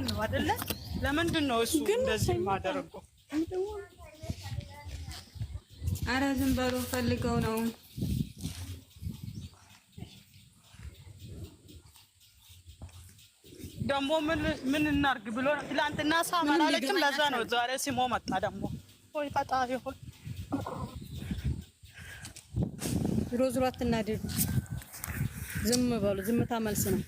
ምናምን ነው አይደለ? ለምንድን ነው እሱ እንደዚህ የማደርገው? አረ ዝም በሉ፣ ፈልገው ነው ደግሞ ምን እናርግ ብሎ ትላንትና ሳመን አለችም። ለዛ ነው ዛሬ ሲሞ መጣ ደግሞ። ወይ ፈጣሪ ሆይ ዞሮ ዞሮ አትናደዱ፣ ዝም በሉ። ዝምታ መልስ ነው።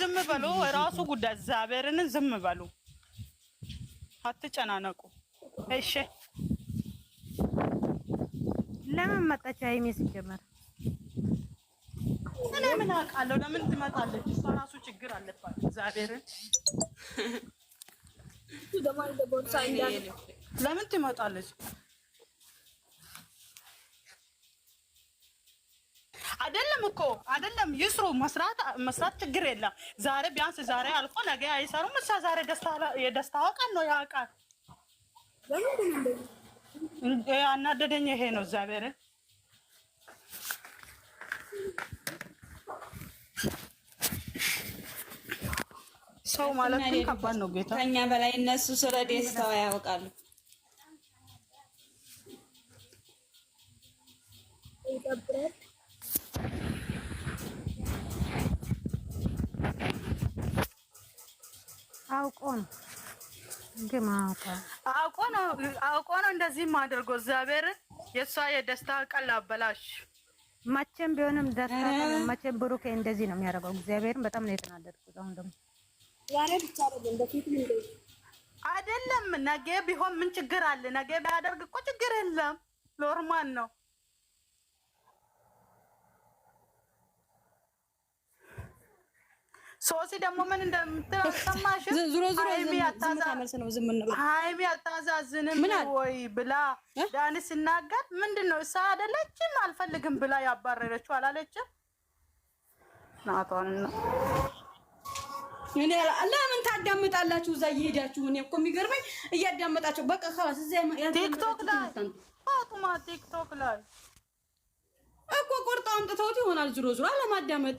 ዝም በሉ። ራሱ ጉዳይ እግዚአብሔርን ዝም በሉ፣ አትጨናነቁ። እሺ ለምን መጣች ሀይሜ? ሲጀመር እኔ ምን አውቃለሁ? ለምን ትመጣለች? እሷ ራሱ ችግር አለባት። እግዚአብሔርን ለምን ትመጣለች? አይደለም እኮ አይደለም፣ ይስሩ። መስራት መስራት ችግር የለም። ዛሬ ቢያንስ ዛሬ አልፎ ነገ አይሰሩም። እሷ ዛሬ የደስታ ቀን ነው ያውቃል። አናደደኝ ይሄ ነው እግዚአብሔር ሰው ማለት ከባድ ነው። ጌታ ከኛ በላይ እነሱ ስለ ደስታው ያውቃሉ። ይገብራል አውቆ ነው ግን አውቆ ነው አውቆ ነው እንደዚህም አድርጎ እግዚአብሔር የእሷ የደስታ ቀን ላበላሽ። መቼም ቢሆንም ደስታ መቼም ብሩኬ እንደዚህ ነው የሚያደርገው። እግዚአብሔርን በጣም ነው የተናደድኩት። አሁን ደግሞ አይደለም ነገ ቢሆን ምን ችግር አለ? ነገ ቢያደርግ እኮ ችግር የለም ኖርማል ነው። ሶሲ ደግሞ ምን እንደምትል አልሰማሽም? ዙሮ ዙሮ ሀይሚ አታዛዝንም ወይ ብላ ዳኒ ሲናገር ምንድን ነው እሳ አደለችም አልፈልግም ብላ ያባረረችው አላለችም? ናቷን እኔ ለምን ታዳምጣላችሁ? እዛ እየሄዳችሁ እኔ እኮ የሚገርመኝ እያዳመጣቸው በቃ ከላስ እዛ ቲክቶክ ላይ ፋጡማ ቲክቶክ ላይ እኮ ቆርጣ አምጥተውት ይሆናል ዝሮ ዙሮ አለማዳመጥ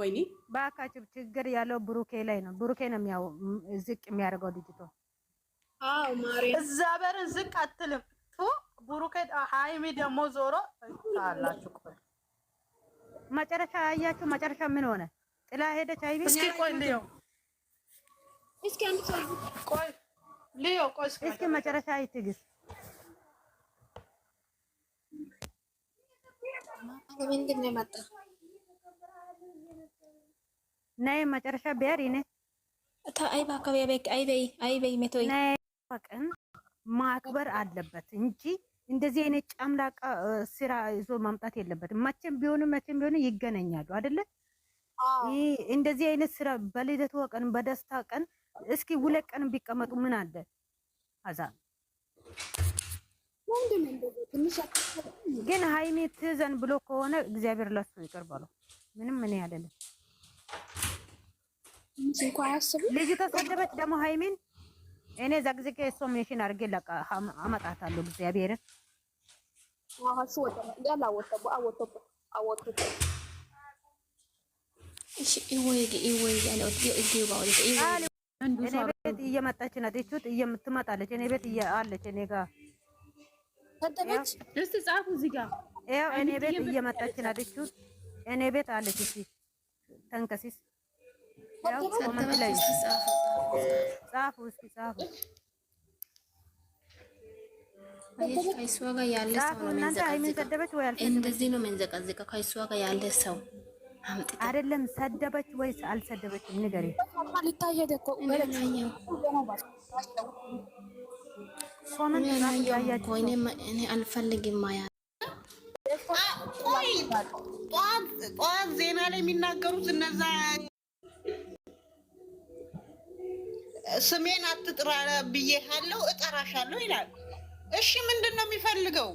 ወይኔ በአካችሁ ችግር ያለው ብሩኬ ላይ ነው። ብሩኬ ነው የሚያው ዝቅ የሚያደርገው ልጅቷ። አዎ ማርያም እዛ በርን ዝቅ አትልም። ቱ ብሩኬ ሃይሚ ደግሞ ዞሮ አላችሁ። ቆይ መጨረሻ አያችሁ፣ መጨረሻ ምን ሆነ? ጥላ ሄደች ሃይሚ። እስኪ ቆይ ልዮ፣ እስኪ አንተ ቆይ ልዮ፣ ቆይ እስኪ መጨረሻ ይትግስ ምንድን ነው የመጣው ናይ መጨረሻ ቢያር ይነ እታ አይባ ከባቢያ አይበይ አይበይ መቶይ ናይዋቅን ማክበር አለበት እንጂ እንደዚህ አይነት ጫምላቃ ስራ ይዞ ማምጣት የለበትም። መቼም ቢሆንም መቼም ቢሆን ይገናኛሉ አይደለ? እንደዚህ አይነት ስራ በልደቷ ቀን በደስታ ቀን እስኪ ሁለት ቀን ቢቀመጡ ምን አለ? አዛ ግን ሀይሜ ትዘን ብሎ ከሆነ እግዚአብሔር ለሱ ይቅር በለው። ምንም ምን ያለልን ልጁ ተሰደበች ደግሞ ሀይሚን እኔ ዘግዝቄ እሱ ምንሽን አድርጌ አመጣታለሁ። እግዚአብሔርን እኔ ቤት እየመጣች ናት። እቹት እየምትመጣለች እኔ ቤት አለች። እኔ ጋር እኔ ቤት እየመጣች ናት። እቹት እኔ ቤት አለች። ተንከሲስ ከእሷ ጋር ያለ ሰው እንደዚህ ነው መንዘቀዘቀው። ከእሷ ጋር ያለ ሰው አይደለም። ሰደበች ወይስ አልሰደበችም? ንገሪኝ። እኔ አልፈልግም ማያ ጠዋት ዜና ላይ የሚናገሩት እነዛ ስሜን አትጥራ ብዬሃለሁ፣ እጠራሻለሁ ይላል። እሺ ምንድን ነው የሚፈልገው?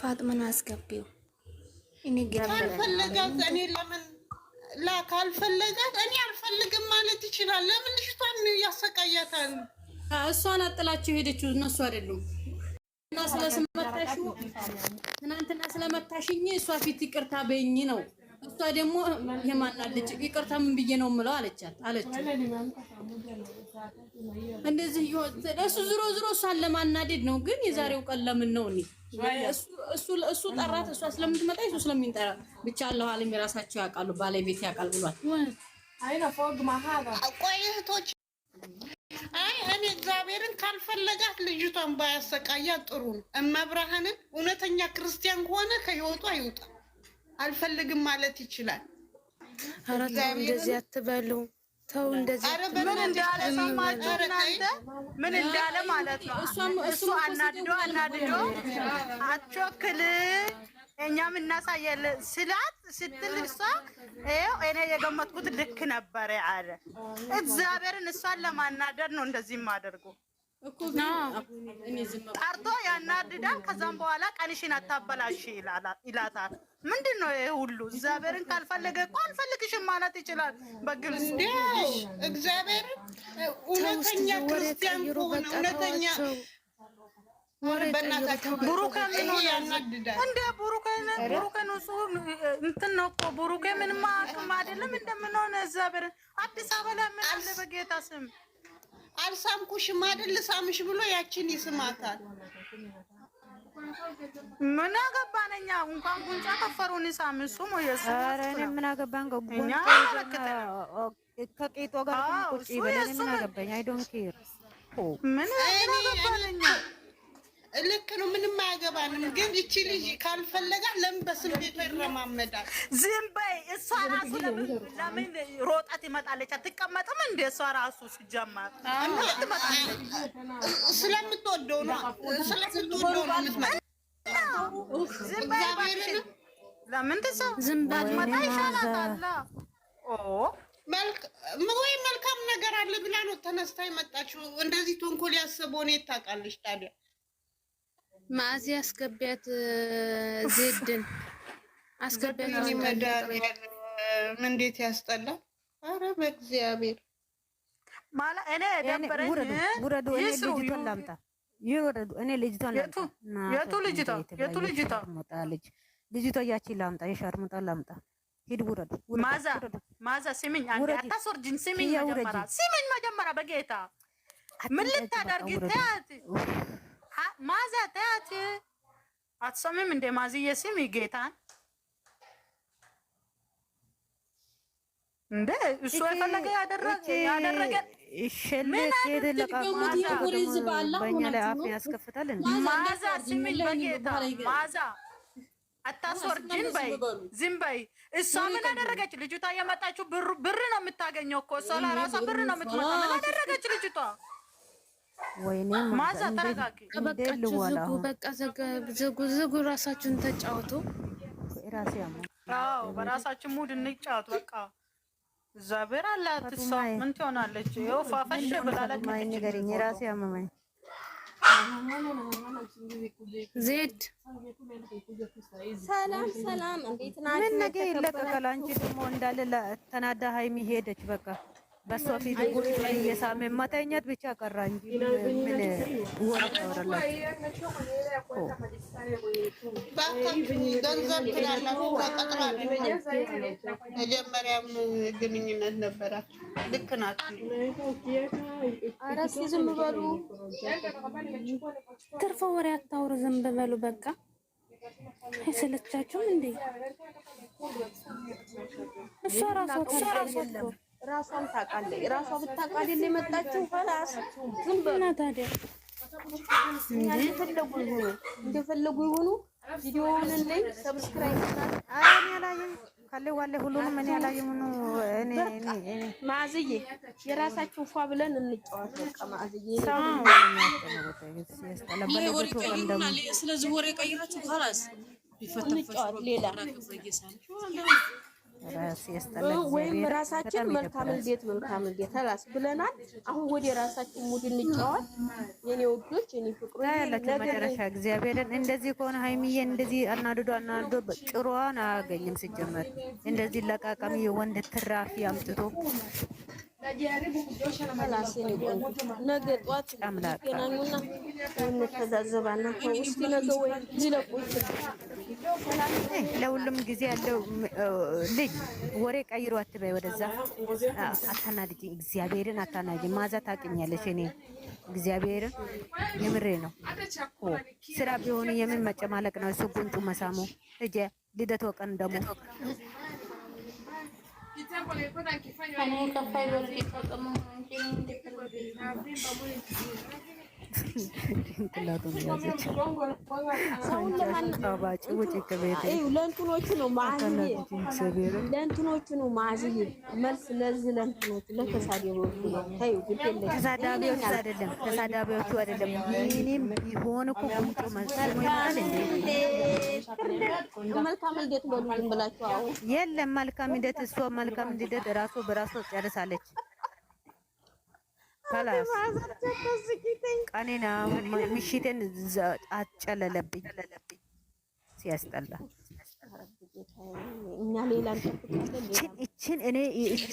ፋጥመን አስገቢው ካልፈለጋት እኔ ለምን ላ ካልፈለጋት እኔ አልፈልግም ማለት ይችላል። ለምን ልጅቷን ያሰቃያታል? እሷን አጥላችሁ ሄደችው እነሱ አይደሉም። ትናንትና ስለመታሽኝ እሷ ፊት ይቅርታ በይኝ ነው እሷ ደግሞ የማናት ልጅ ይቅርታ ምን ብዬ ነው የምለው አለቻት አለችው። እንደዚህ እሱ ዝሮ ዝሮ እሷን ለማናደድ ነው። ግን የዛሬው ቀን ለምን ነው እኔ እሱ ጠራት፣ እሷ ስለምትመጣ እሱ ስለሚንጠራ ብቻ አለሁ አለም የራሳቸው ያውቃሉ፣ ባለቤት ያውቃል ብሏል። ቆይቶች አይ እኔ እግዚአብሔርን ካልፈለጋት ልጅቷን ባያሰቃያት ጥሩ ነው። እመብርሃንን እውነተኛ ክርስቲያን ከሆነ ከህይወቱ አይውጣ። አልፈልግም ማለት ይችላል። ኧረ ተው እንደዚህ አትበሉ። ተው እንደዚህ ምን እንዳለ ሰማችሁ እናንተ? ምን እንዳለ ማለት ነው። እሱም እሱ አናድዶ አናድዶ አትቾክል እኛም እናሳያለን ስላት ስትል እሷ ይኸው እኔ የገመትኩት ልክ ነበረ አለ። እግዚአብሔርን እሷን ለማናደድ ነው እንደዚህ የማደርገው። ጠርቶ ያናድዳል። ከዛም በኋላ ቀንሽን አታበላሽ ይላታል። ምንድን ነው ይሄ ሁሉ? እግዚአብሔርን ካልፈለገ እኮ አልፈልግሽም ማለት ይችላል። በግልጽ እግዚአብሔር እውነተኛ ክርስቲያን ከሆነ እውነተኛ እንደ ብሩኬን እሱ እንትን ነው እኮ ብሩኬ ምንም አቅም አይደለም እንደምንሆነ እግዚአብሔር አዲስ አበባ ላይ ምን አለ? በጌታ ስም አልሳምኩሽም አይደል? ልሳምሽ ብሎ ያችን ይስማታል። ምን አገባን እኛ እንኳን ጉንጫ ከፈሩን ሳም እሱ ምን አገባን ከቂጦ ጋር ቁጭ ብለን ምን አገባኝ አይ ዶንት ኬር ምን አገባን እኛ ልክ ነው። ምንም አያገባንም። ግን እቺ ልጅ ካልፈለጋ ለምን በስም ቤቷ ይረማመዳል? ዝም በይ። እሷ ራሱ ለምን ሮጣ ትመጣለች? አትቀመጥም እንደ እሷ ራሱ ሲጀመር ስለምትወደው ነው። ስለምትወደው ነው የምትመጣው። ዝም ለምን ትሰው ዝም ባትመጣ ይሻላታል። ወይ መልካም ነገር አለ ብላ ነው ተነስታ የመጣችው። እንደዚህ ተንኮል ያሰበውን የት ታውቃለች ታዲያ? ማዚ አስገቢያት፣ ዜድን አስገቢያት። መድኃኒዓለም እንዴት ያስጠላል! አረ በእግዚአብሔር ማላ እኔ ደበረኝ። ውረዱ፣ እኔ ልጅቷን ላምጣ። ይውረዱ፣ እኔ ልጅቷን ላምጣ። የቱ ልጅቷ? የቱ ልጅቷ? ልጅቷ ያቺ ላምጣ፣ የሻርሙጣ ላምጣ። ሂድ፣ ውረዱ። ማዛ ማዛ፣ ስሚኝ፣ አንዴ አታስወርጅኝ። ስሚኝ መጀመሪያ፣ ስሚኝ መጀመሪያ፣ በጌታ ምን ልታደርጊ? ተያት ማዛ ተያት አትሰሚም? እንደ ማዝዬ ስሚ ጌታን እንደ እሱ የፈለገ ያደረገ ዝም በይ። እሷ ምን አደረገች? ልጅቷ የመጣችው ብር ነው የምታገኘው እኮ እሷ ለራሷ ብር ነው የምትመጣ። ምን አደረገች ልጅቷ? ወይኔ ማዛ ተረጋጊ። በቃ ዝጉ ዝጉ፣ ራሳችሁን ተጫወቱ። ራሴ አዎ፣ በራሳችሁ ሙድ እንጫወቱ። በቃ እግዚአብሔር አላት። እሷ ምን ትሆናለች? ይኸው ፋፈሽ ብላለች። ንገሪኝ፣ ራሴ አመመኝ። ዜድ ሰላም ሰላም፣ እንዴት ናችሁ? ምን ነገ ይለቀቀል። አንቺ ደግሞ እንዳለ ተናዳ ሀይሚ ሄደች። በቃ በሷ ፊት ጉሪ ላይ እየሳመ መተኛት ብቻ ቀራ እንጂ ምን ወራ ግንኙነት ነበራችሁ። ልክ ዝም በሉ፣ ትርፈ ወሬ አታውሩ። ዝም በሉ በቃ። አይሰለቻችሁም እንዴ? እሷ እሷ ራሷም ታውቃለች። ራሷ ብታውቅ አይደል የመጣችው? ኸላስ ዝም ብላ ታዲያ እንደፈለጉ ይሁኑ እንደፈለጉ ይሁኑ። ቪዲዮውን ላይ ሰብስክራይብ ካለ ዋለ ሁሉንም እኔ አላየሁም እኔ እኔ ማዕዝዬ የራሳችሁ ፏ ብለን እንጫወት። ስለዚህ ወሬ ቀይራችሁ ኸላስ ቢፈተፈት ሌላ ወይም ራሳችን መልካም ልዴት መልካም ልዴት ተላስ ብለናል። አሁን ወደ ራሳችን ሙድ እንጫወት የኔ ውዶች፣ የኔ ፍቅሩ ያላችሁ መጨረሻ እግዚአብሔርን። እንደዚህ ከሆነ ሀይሚዬ እንደዚህ አናድዶ አናድዶ ጭሯን አያገኝም። ሲጀመር እንደዚህ ለቃቃሚ የወንድ ትራፊ አምጥቶ ነገ ጠዋት ገናኙና እንተዛዘባና ውስጥ ነገ ወይ ሊለቁ ለሁሉም ጊዜ ያለው ልጅ ወሬ ቀይሮ አትበይ፣ ወደዛ አታናድጅ። እግዚአብሔርን አታናድጂ። ማዛ ታውቂኛለሽ፣ እኔ እግዚአብሔርን የምሬ ነው። ስራ ቢሆን የምን መጨማለቅ ነው? እሱ ጉንጩ መሳሙ እጀ ልደት ወቀን ደሞ ለእንትኖቹ ነው ለእንትኖቹ ነው ማዝህ መልስ ለዚህ ለእንትኖቹ ለተሳዳቢዎቹ ነው። ተሳዳቢዎቹ አይደለም ተሳዳቢዎቹ አይደለም። ይህንም ቢሆን እኮ ቁንጮ መልካም ልደት በሉ ብላችሁ። የለም መልካም ልደት እሷ መልካም ልደት ራሷ በራሷ ጨርሳለች። ቀኔና ምሽቴን አጨለለብኝ። ሲያስጠላ እችን እኔ እች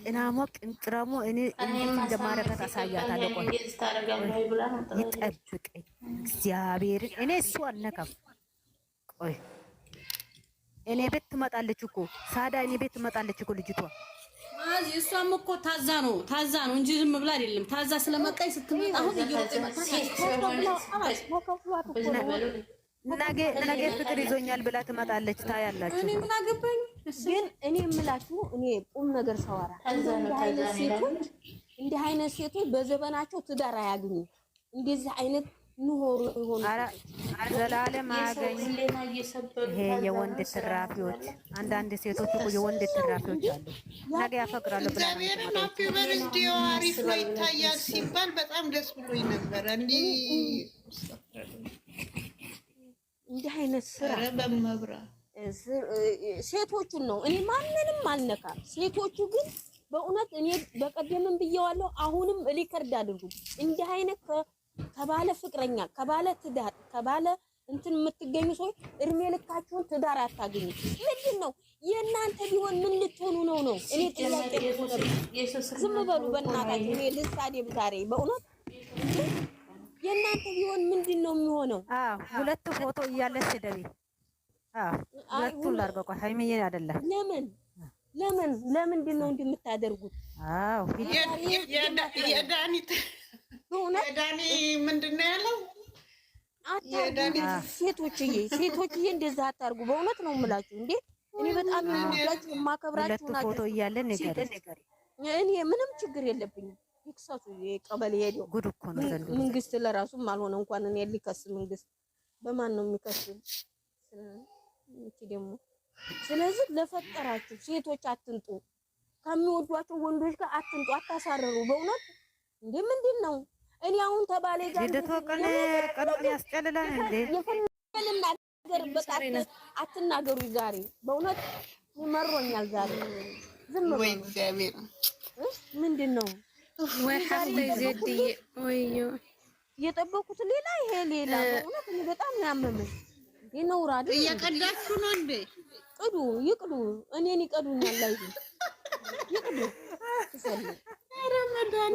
ቅናሞ ቅንጥራሞ እኔ እንደማረጋት አሳያታለሁ። ይጠብቀኝ እግዚአብሔርን። እኔ እሱ አነካም። ቆይ እኔ ቤት ትመጣለች እኮ ሳዳ፣ እኔ ቤት ትመጣለች እኮ ልጅቷ አዚ እሷም እኮ ታዛ ነው ታዛ ነው እንጂ ዝም ብላ አይደለም። ታዛ ስለመጣኝ ስትመጣ አሁን ነገ ነገ ፍቅር ይዞኛል ብላ ትመጣለች። ታያላችሁ። እኔ ምን አገባኝ? ግን እኔ የምላችሁ እኔ ቁም ነገር ሰዋራ እንዲህ አይነት ሴቶች በዘመናቸው ትዳር አያግኙ እንደዚህ አይነት ዘላለም ይሄ የወንድ ትራፊዎች፣ አንዳንድ ሴቶች እኮ የወንድ ትራፊዎች አሉ። ነገ ያፈቅራሉ አሪፍ ነው ይታያል ሲባል በጣም ደስ ብሎኝ ነበረ። እንዲህ አይነት ስራ ሴቶቹን ነው እኔ ማንንም አልነካም። ሴቶቹ ግን በእውነት እኔ በቀደምም ብየዋለሁ፣ አሁንም ሊከርድ አድርጉ እንዲህ አይነት ከባለ ፍቅረኛ ከባለ ትዳር ከባለ እንትን የምትገኙ ሰዎች እድሜ ልካችሁን ትዳር አታገኙ። ምንድን ነው የእናንተ ቢሆን ምን ልትሆኑ ነው? ነው እኔ ጥያቄ። ዝም በሉ በእናታችሁ። እኔ ልሳደብ ዛሬ በእውነት። የእናንተ ቢሆን ምንድን ነው የሚሆነው? ሁለት ፎቶ እያለ ስደቤ ሁለቱ ላርገቋ ሀይሜዬ አይደለም ለምን ለምን ለምንድን ነው እንደምታደርጉት? ዳኒ ምንድን ነው ያለው? ሴቶችዬ ሴቶችዬ እንደዛ አታርጉ። በእውነት ነው የምላችሁ እንዴ እኔ በጣም የምወዳችሁ የማከብራችሁ ናቸው። እኔ ምንም ችግር የለብኝም። ይክሰሱ የቀበሌ ሄደው ጉድ እኮ ነው ዘንድሮ። መንግስት ለራሱም አልሆነ እንኳን እኔ ሊከስ መንግስት በማን ነው የሚከስ? ደግሞ ስለዚህ ለፈጠራችሁ ሴቶች አትንጡ፣ ከሚወዷቸው ወንዶች ጋር አትንጡ፣ አታሳርሩ። በእውነት እንዴ ምንድን ነው እኔ አሁን ተባለ ጋር አትናገሩ። ዛሬ በእውነት ይመሮኛል። ዛሬ ዝም ወይ እግዚአብሔር ምንድን ነው ወይ የጠበቁት ሌላ ይሄ ሌላ። በእውነት እኔ በጣም ያመመኝ አይደል እየቀዳችሁ ነው እንዴ? ቅዱ ይቅዱ፣ እኔን ይቀዱኛል። ላይ ይቅዱ ረመዳን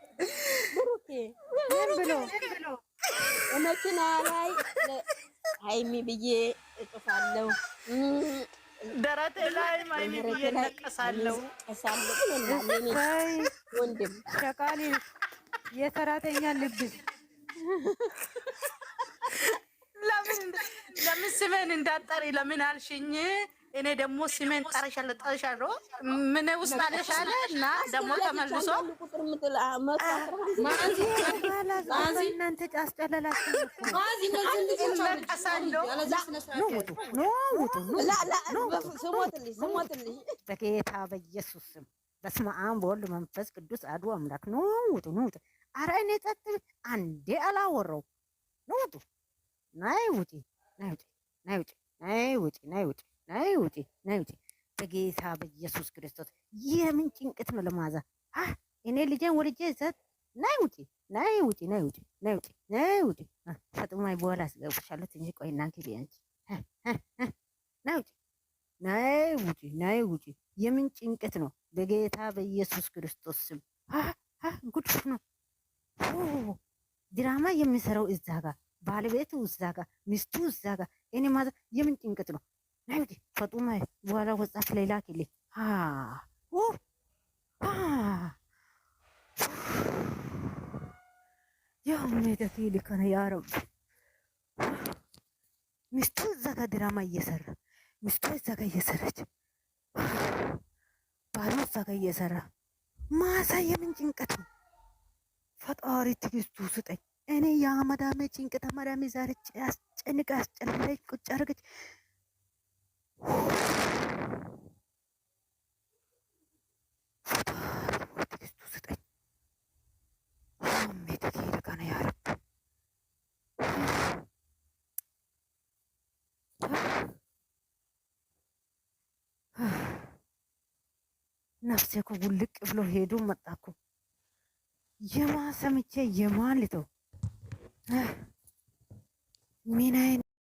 ብሩኬ ምን ብሎ መኪና ላይ ሀይሚ ብዬ እጥፋለሁ፣ ደረቴ ላይ ሀይሚ ብዬ እነቀሳለሁ። ወንድም ሸቃሊ የሰራተኛ ልብስ ለምን ለምን ስሜን እንዳጠሪ ለምን አልሽኝ? እኔ ደግሞ ስሜን ጠረሻለ ጠርሻለሁ ምን ውስጥ አለሻለ እና ደግሞ ተመልሶ እናንተ ጫስጨለላችሁ በጌታ በኢየሱስ ስም በስመ አብ ወወልድ መንፈስ ቅዱስ አሐዱ አምላክ ኑ ውጡ፣ ኑ ውጡ። አረ እኔ ጸጥ አንዴ አላወራው ኑ ውጡ። ናይ ውጪ፣ ናይ ውጪ፣ ናይ ውጪ፣ ናይ ውጪ፣ ናይ ውጪ ናይ ውጪ ናይ ውጪ በጌታ በኢየሱስ ክርስቶስ ይህ ምን ጭንቅት ነው ለማዛ አ እኔ ልጄን ወልጄ ዘት ናይ ውጪ ናይ ውጪ ናይ ውጪ ናይ ውጪ ናይ ውጪ ፈጥማይ በኋላ አስገብሻለሁ። ትንሽ ቆይ እናንተ ቢያንቺ ናይ ውጪ ናይ ውጪ ናይ ውጪ የምን ጭንቅት ነው በጌታ በኢየሱስ ክርስቶስ ስም ጉድ ነው። ድራማ የሚሰራው እዛ ጋር ባለቤቱ እዛ ጋር ሚስቱ እዛ ጋር እኔ ማዘ የምን ጭንቅት ነው ናይዲ ፈጡማ በኋላ ወጻፍ ላይ ላክልኝ። ያው ሜደት ይልከነ ያ ረብ ሚስቱ እዛ ጋ ድራማ እየሰራ ሚስቱ እዛ ጋ እየሰራች ባሉ እዛ ጋ እየሰራ ማሳየ ምን ጭንቀት ነው? ፈጣሪ ትግስቱ ስጠኝ። እኔ የአመዳሜ ጭንቀት መዳሜ ዛሬ አስጨንቀ አስጨንቀች ቁጭ አርገች ነፍሴ እኮ ውልቅ ብሎ ሄዱ መጣ እኮ የማን ሰምቼ የማን ልተው ምን